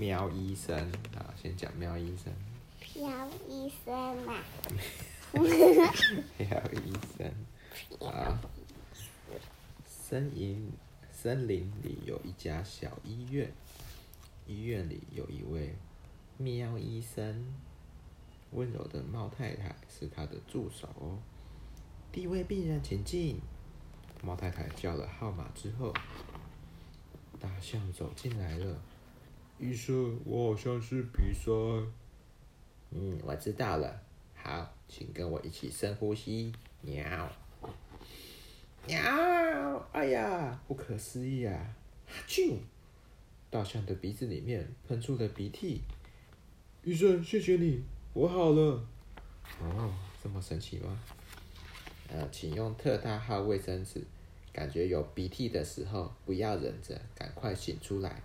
喵醫生，啊，先講喵醫生。喵醫生嘛、啊。 喵醫生。啊，森林，森林裡有一家小醫院，醫院裡有一位喵醫生，溫柔的貓太太是他的助手哦。第一位病人請，請進。貓太太叫了號碼之後，大象走進來了。醫生，我好像是鼻塞、啊。嗯，我知道了。好，請跟我一起深呼吸。喵。喵！哎呀，不可思議啊！哈、啊、啾！大象的鼻子裡面噴出了鼻涕。醫生，謝謝你，我好了。哦，這麼神奇嗎？呃，請用特大號衛生紙。感覺有鼻涕的時候，不要忍着，趕快擤出來。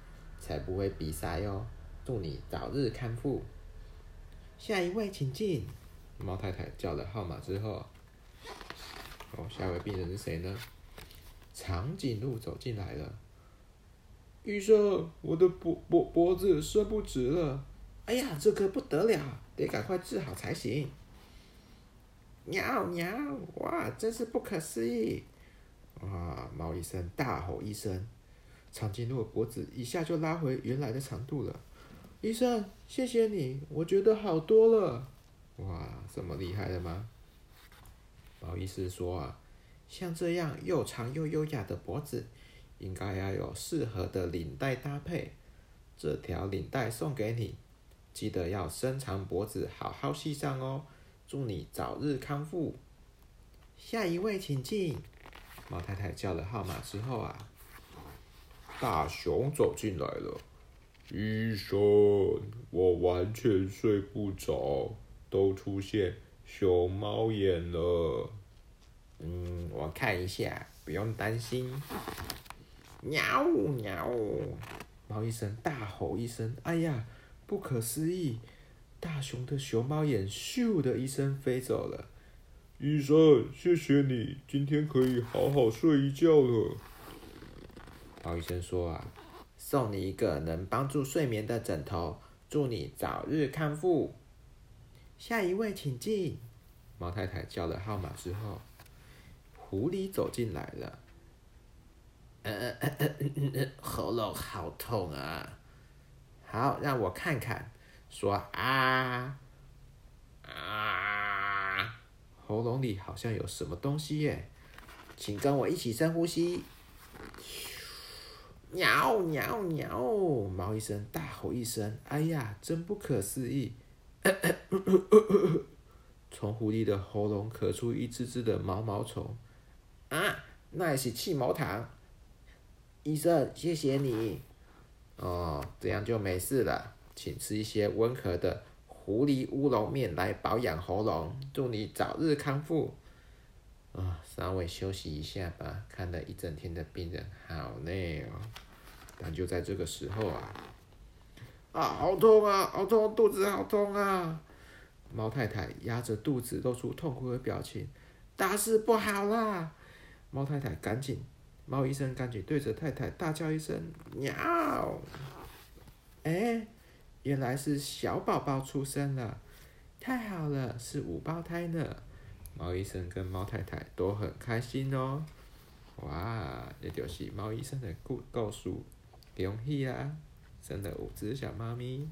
才不會鼻塞喲、哦！祝你早日康復。下一位請進，請進。貓太太叫了號碼之後，哦，下一位病人是誰呢？長頸鹿走進來了。醫生，我的脖脖脖子伸不直了。哎呀，這可、個、不得了，得趕快治好才行。喵喵，哇，真是不可思議！哇，貓醫生大吼一聲。長頸鹿脖子一下就拉回原來的長度了。醫生，謝謝你，我覺得好多了。哇，這麼厲害的嗎？喵醫生說啊，像這樣又長又優雅的脖子，應該要有適合的領帶搭配。這條領帶送給你，記得要伸長脖子好好繫上哦。祝你早日康復。下一位，請進。貓太太叫了號碼之後啊。大熊走進來了。醫生，我完全睡不着，都出現熊貓眼了。嗯，我看一下，不用擔心。喵喵！貓醫生大吼一聲：“哎呀，不可思議！”大熊的熊貓眼咻的一聲飛走了。醫生，謝謝你，今天可以好好睡一覺了。喵醫生說：“啊，送你一個能幫助睡眠的枕頭，祝你早日康復。”下一位請進，請進。毛太太叫了號碼之後，狐狸走進來了。呃，喉嚨好痛啊！好，讓我看看。說啊啊啊！喉嚨裡好像有什麼東西耶！請跟我一起深呼吸。喵喵喵！喵醫生大吼一聲：“哎呀，真不可思議！”從狐狸的喉嚨咳，咳，咳，咳出一隻隻的毛毛蟲。啊，那也是氣毛糖。醫生，謝謝你。哦，這樣就沒事了。請吃一些溫和的狐狸烏龍麵來保養喉嚨。祝你早日康復。啊、哦，稍微休息一下吧。看了一整天的病人，好累哦。但就在這個時候啊，啊，好痛啊，好痛，肚子好痛啊！貓太太壓着肚子，露出痛苦的表情。大事不好啦！貓太太趕緊，貓醫生趕緊對着太太大叫一聲：“喵！”哎、欸，原來是小寶寶出生了，太好了，是五胞胎呢！貓醫生跟貓太太都很開心哦。哇，這就是貓醫生的故告訴。恭喜啊！生了五隻小貓咪。